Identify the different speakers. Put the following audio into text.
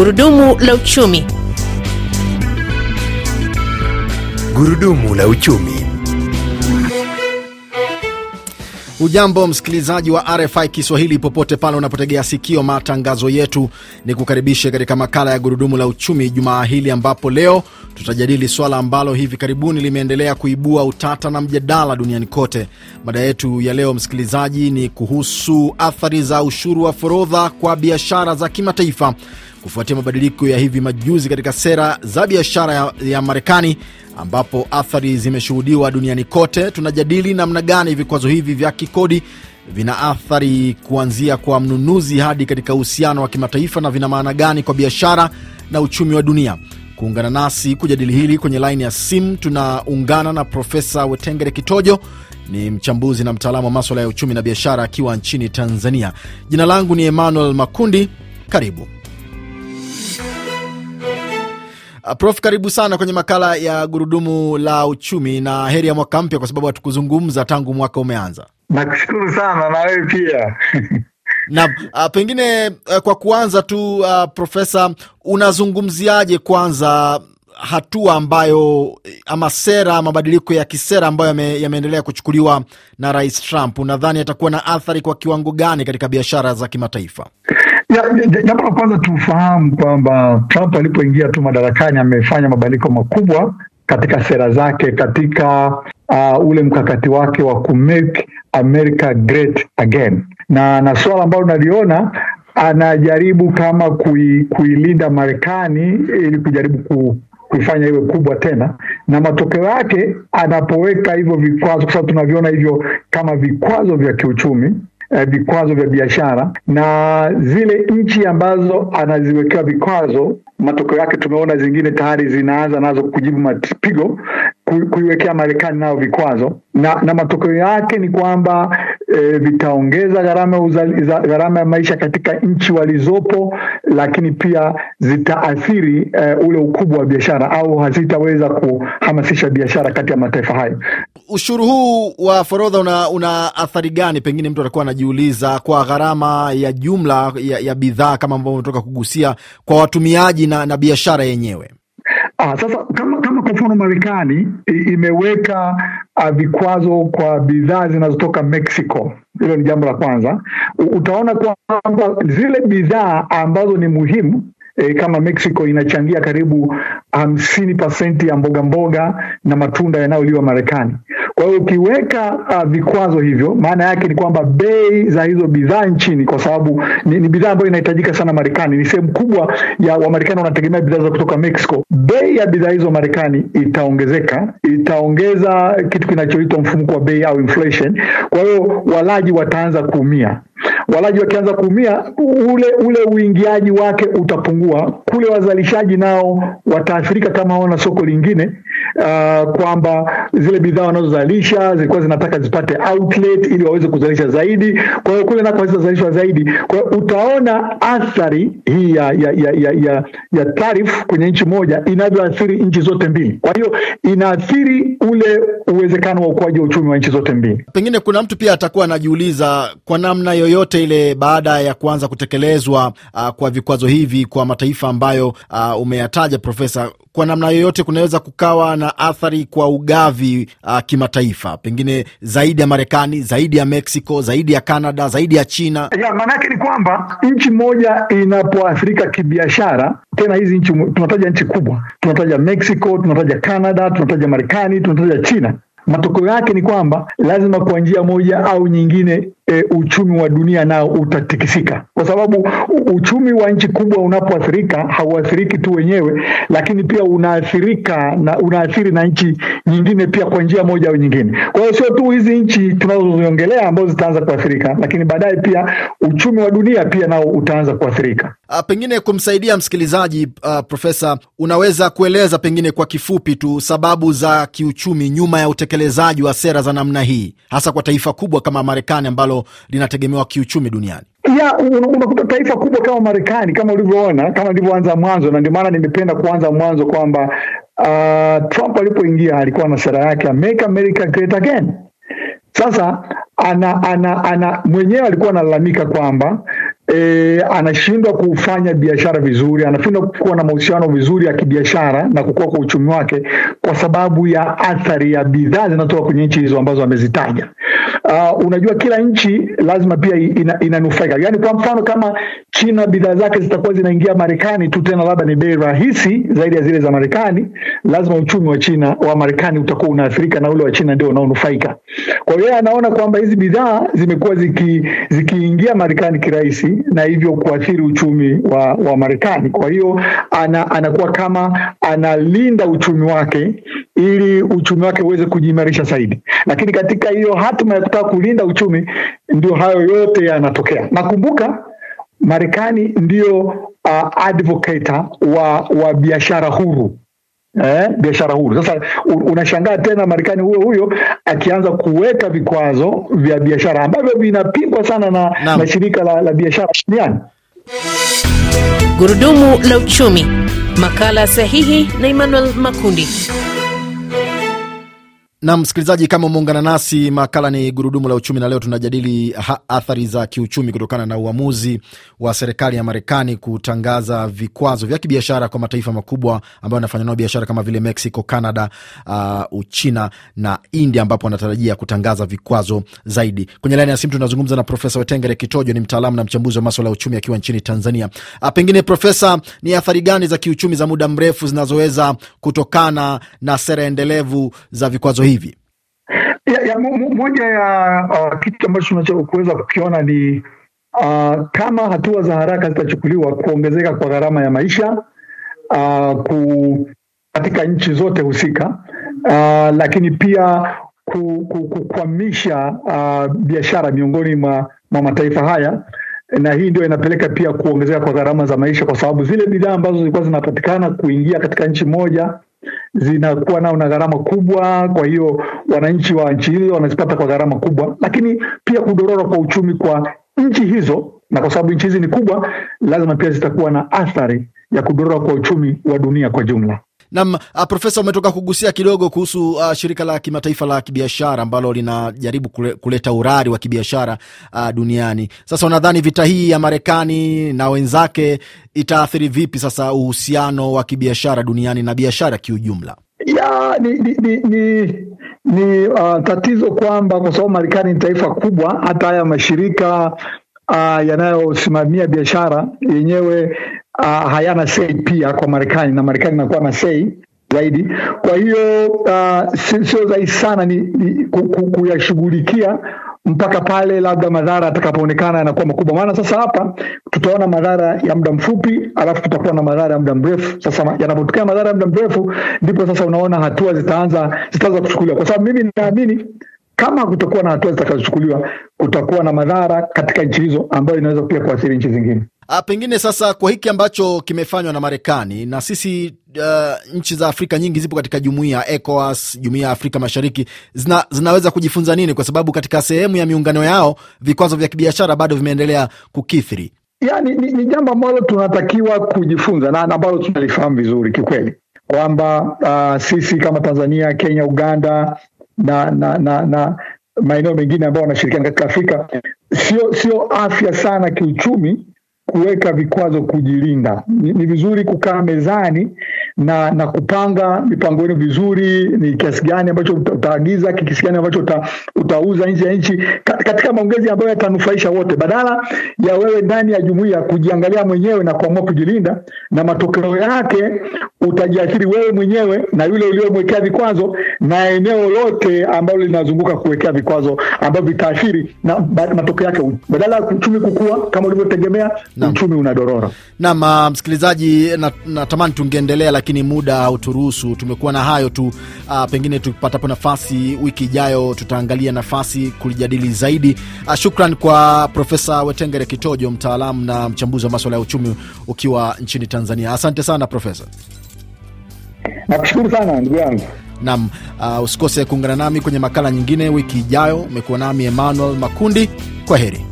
Speaker 1: Gurudumu la uchumi.
Speaker 2: Gurudumu la uchumi.
Speaker 1: Ujambo msikilizaji wa RFI Kiswahili popote pale unapotegea sikio matangazo yetu, ni kukaribishe katika makala ya gurudumu la uchumi jumaa hili, ambapo leo tutajadili swala ambalo hivi karibuni limeendelea kuibua utata na mjadala duniani kote. Mada yetu ya leo msikilizaji, ni kuhusu athari za ushuru wa forodha kwa biashara za kimataifa kufuatia mabadiliko ya hivi majuzi katika sera za biashara ya, ya Marekani ambapo athari zimeshuhudiwa duniani kote. Tunajadili namna gani vikwazo hivi vya kikodi vina athari kuanzia kwa mnunuzi hadi katika uhusiano wa kimataifa na vina maana gani kwa biashara na uchumi wa dunia. Kuungana nasi kujadili hili kwenye laini ya simu tunaungana na Profesa Wetengere Kitojo, ni mchambuzi na mtaalamu wa maswala ya uchumi na biashara akiwa nchini Tanzania. Jina langu ni Emmanuel Makundi, karibu. Uh, Prof, karibu sana kwenye makala ya gurudumu la uchumi na heri ya mwaka mpya, kwa sababu hatukuzungumza tangu mwaka umeanza. Nakushukuru sana na wewe pia. Naam, uh, pengine uh, kwa kuanza tu uh, Profesa, unazungumziaje kwanza hatua ambayo ama sera mabadiliko ya kisera ambayo yame, yameendelea kuchukuliwa na Rais Trump, unadhani yatakuwa na athari kwa kiwango gani katika biashara za kimataifa?
Speaker 2: Jambo la kwanza tufahamu kwamba Trump alipoingia tu madarakani amefanya mabadiliko makubwa katika sera zake, katika uh, ule mkakati wake wa kumake America great again, na na suala ambalo naliona anajaribu kama kui, kuilinda Marekani ili kujaribu ku, kuifanya iwe kubwa tena, na matokeo yake anapoweka hivyo vikwazo, kwa sababu tunaviona hivyo kama vikwazo vya kiuchumi Eh, vikwazo eh, vya biashara na zile nchi ambazo anaziwekewa vikwazo, matokeo yake tumeona zingine tayari zinaanza nazo kujibu mapigo, kuiwekea Marekani nayo vikwazo, na, na matokeo yake ni kwamba e, vitaongeza gharama ya maisha katika nchi walizopo, lakini pia zitaathiri e, ule ukubwa wa biashara au hazitaweza kuhamasisha biashara kati
Speaker 1: ya mataifa hayo ushuru huu wa forodha una, una athari gani? Pengine mtu atakuwa anajiuliza kwa gharama ya jumla ya, ya bidhaa kama ambavyo umetoka kugusia kwa watumiaji na, na biashara yenyewe.
Speaker 2: Ah, sasa kama, kama kwa mfano Marekani imeweka ah, vikwazo kwa bidhaa zinazotoka Mexico. Hilo ni jambo la kwanza. Utaona kwamba zile bidhaa ambazo ni muhimu E, kama Mexico inachangia karibu hamsini pasenti ya mboga mboga na matunda yanayoliwa Marekani. Kwa hiyo ukiweka uh, vikwazo hivyo, maana yake ni kwamba bei za hizo bidhaa nchini, kwa sababu ni, ni bidhaa ambayo inahitajika sana Marekani, ni sehemu kubwa ya Wamarekani wanategemea bidhaa za kutoka Mexico. Bei ya bidhaa hizo Marekani itaongezeka, itaongeza kitu kinachoitwa mfumuko wa bei au inflation. Kwa hiyo walaji wataanza kuumia walaji wakianza kuumia, ule ule uingiaji wake utapungua, kule wazalishaji nao wataathirika kama wana soko lingine. Uh, kwamba zile bidhaa wanazozalisha zilikuwa zinataka zipate outlet ili waweze kuzalisha zaidi, kwa hiyo kule nako hazitazalishwa zaidi. Kwa hiyo utaona athari hii ya, ya, ya, ya, ya, ya tarifu kwenye nchi moja inavyoathiri nchi zote mbili. Kwa hiyo inaathiri ule uwezekano wa ukuaji wa uchumi wa nchi zote mbili.
Speaker 1: Pengine kuna mtu pia atakuwa anajiuliza kwa namna yoyote yoyote ile baada ya kuanza kutekelezwa uh, kwa vikwazo hivi kwa mataifa ambayo uh, umeyataja Profesa, kwa namna yoyote kunaweza kukawa na athari kwa ugavi uh, kimataifa, pengine zaidi ya Marekani, zaidi ya Mexico, zaidi ya Canada, zaidi ya China?
Speaker 2: maanake ni kwamba nchi moja inapoathirika kibiashara, tena hizi nchi tunataja nchi kubwa, tunataja Mexico, tunataja Canada, tunataja Marekani, tunataja China matokeo yake ni kwamba lazima kwa njia moja au nyingine e, uchumi wa dunia nao utatikisika, kwa sababu uchumi wa nchi kubwa unapoathirika hauathiriki tu wenyewe, lakini pia unaathirika na unaathiri na nchi nyingine pia kwa njia moja au nyingine. Kwa hiyo sio tu hizi nchi tunazoziongelea ambazo zitaanza kuathirika, lakini baadaye pia uchumi wa dunia pia nao utaanza kuathirika.
Speaker 1: Ah, pengine kumsaidia msikilizaji, uh, ah, Profesa, unaweza kueleza pengine kwa kifupi tu sababu za kiuchumi nyuma ya utekelezaji wa sera za namna hii, hasa kwa taifa kubwa kama Marekani ambalo linategemewa kiuchumi duniani?
Speaker 2: Ya, unakuta taifa kubwa kama Marekani kama ulivyoona, kama ilivyoanza mwanzo, na ndio maana nimependa kuanza mwanzo kwamba uh, Trump alipoingia alikuwa na sera yake ya Make America Great Again. Sasa ana, ana, ana mwenyewe alikuwa analalamika kwamba E, anashindwa kufanya biashara vizuri, anashindwa kuwa na mahusiano vizuri ya kibiashara na kukua kwa uchumi wake kwa sababu ya athari ya bidhaa zinatoka kwenye nchi hizo ambazo amezitaja uh, unajua kila nchi lazima pia ina, inanufaika. Yaani kwa mfano kama China bidhaa zake zitakuwa zinaingia Marekani tu, tena labda ni bei rahisi zaidi ya zile za Marekani, lazima uchumi wa China wa Marekani utakuwa unaathirika na ule wa China ndio unaonufaika. Kwa hiyo anaona kwamba hizi bidhaa zimekuwa zikiingia ziki Marekani kirahisi na hivyo kuathiri uchumi wa, wa Marekani. Kwa hiyo ana, anakuwa kama analinda uchumi wake ili uchumi wake uweze kujiimarisha zaidi. Lakini katika hiyo hatima ya kutaka kulinda uchumi, ndio hayo yote yanatokea. Nakumbuka Marekani ndio uh, advocate wa, wa biashara huru eh, biashara huru. Sasa unashangaa tena Marekani huyo huyo akianza kuweka vikwazo vya biashara ambavyo vinapingwa sana na, na, na shirika la, la biashara duniani. Gurudumu la uchumi, makala sahihi na Emmanuel Makundi.
Speaker 1: Na msikilizaji, kama umeungana nasi, makala ni gurudumu la uchumi, na leo tunajadili athari za kiuchumi kutokana na uamuzi wa serikali ya Marekani kutangaza vikwazo vya kibiashara kwa mataifa makubwa ambayo yanafanya nao biashara kama vile Mexico, Canada, uh, Uchina na India, ambapo wanatarajia kutangaza vikwazo zaidi. Kwenye laini ya simu tunazungumza na Profesa Wetengere Kitojo, ni mtaalamu na mchambuzi wa maswala ya uchumi akiwa nchini Tanzania. A, uh, pengine Profesa, ni athari gani za kiuchumi za muda mrefu zinazoweza kutokana na sera endelevu za vikwazo hivi?
Speaker 2: Ya, ya, moja ya uh, kitu ambacho kuweza kukiona ni uh, kama hatua za haraka zitachukuliwa, kuongezeka kwa gharama ya maisha uh, ku, katika nchi zote husika uh, lakini pia kukwamisha uh, biashara miongoni mwa, mwa mataifa haya, na hii ndio inapeleka pia kuongezeka kwa gharama za maisha, kwa sababu zile bidhaa ambazo zilikuwa zinapatikana kuingia katika nchi moja zinakuwa nao na gharama kubwa. Kwa hiyo wananchi wa nchi hili wanazipata kwa gharama kubwa, lakini pia kudorora kwa uchumi kwa nchi hizo, na kwa sababu nchi hizi ni kubwa, lazima pia zitakuwa na athari ya kudorora kwa uchumi wa dunia kwa jumla. Nam ah, Profesa, umetoka kugusia kidogo kuhusu uh, shirika
Speaker 1: la kimataifa la kibiashara ambalo linajaribu kule, kuleta urari wa kibiashara uh, duniani. Sasa unadhani vita hii ya Marekani na wenzake itaathiri vipi sasa uhusiano wa kibiashara duniani na biashara kiujumla?
Speaker 2: Ya, ni, ni, ni, ni, ni uh, tatizo kwamba kwa sababu Marekani ni taifa kubwa, hata haya mashirika uh, yanayosimamia biashara yenyewe uh, hayana sei pia kwa Marekani na Marekani inakuwa na sei zaidi. Kwa hiyo uh, sio rahisi sana ni, ni kuyashughulikia mpaka pale labda madhara atakapoonekana yanakuwa makubwa. Maana sasa hapa tutaona madhara ya muda mfupi, alafu tutakuwa na madhara ya muda mrefu. Sasa yanapotokea madhara ya muda mrefu, ndipo sasa unaona hatua zitaanza zitaanza kuchukuliwa, kwa sababu mimi naamini kama kutakuwa na hatua zitakazochukuliwa, kutakuwa na madhara katika nchi hizo ambayo inaweza pia kuathiri nchi zingine.
Speaker 1: A, ah, pengine sasa kwa hiki ambacho kimefanywa na Marekani na sisi uh, nchi za Afrika nyingi zipo katika jumuia ECOWAS, jumuia ya Afrika Mashariki zina, zinaweza kujifunza nini, kwa sababu katika sehemu ya miungano yao vikwazo vya kibiashara bado vimeendelea kukithiri.
Speaker 2: Yani, ni, ni jambo ambalo tunatakiwa kujifunza na ambalo tunalifahamu vizuri kikweli kwamba uh, sisi kama Tanzania, Kenya, Uganda na, na, na, na maeneo mengine ambayo wanashirikiana katika Afrika sio sio afya sana kiuchumi kuweka vikwazo kujilinda. Ni, ni vizuri kukaa mezani na na kupanga mipango yenu vizuri, ni kiasi gani ambacho utaagiza, kiasi gani ambacho uta, utauza nje ya nchi, katika maongezi ambayo yatanufaisha wote, badala ya wewe ndani ya jumuiya kujiangalia mwenyewe na kuamua kujilinda, na matokeo yake utajiathiri wewe mwenyewe na yule uliyomwekea vikwazo na eneo lote ambalo linazunguka kuwekea vikwazo ambavyo vitaathiri na matokeo yake, badala ya uchumi kukua kama ulivyotegemea uchumi unadorora.
Speaker 1: Naam, ah, msikilizaji, natamani na tungeendelea, lakini muda hauturuhusu. Tumekuwa na hayo tu. Uh, pengine tupatapo nafasi wiki ijayo tutaangalia nafasi kulijadili zaidi. Uh, shukran kwa Profesa Wetengere Kitojo, mtaalamu na mchambuzi wa maswala ya uchumi ukiwa nchini Tanzania. Asante sana Profesa. Nakushukuru sana ndugu yangu. Nam uh, usikose kuungana nami kwenye makala nyingine wiki ijayo. Umekuwa nami Emmanuel Makundi, kwa heri.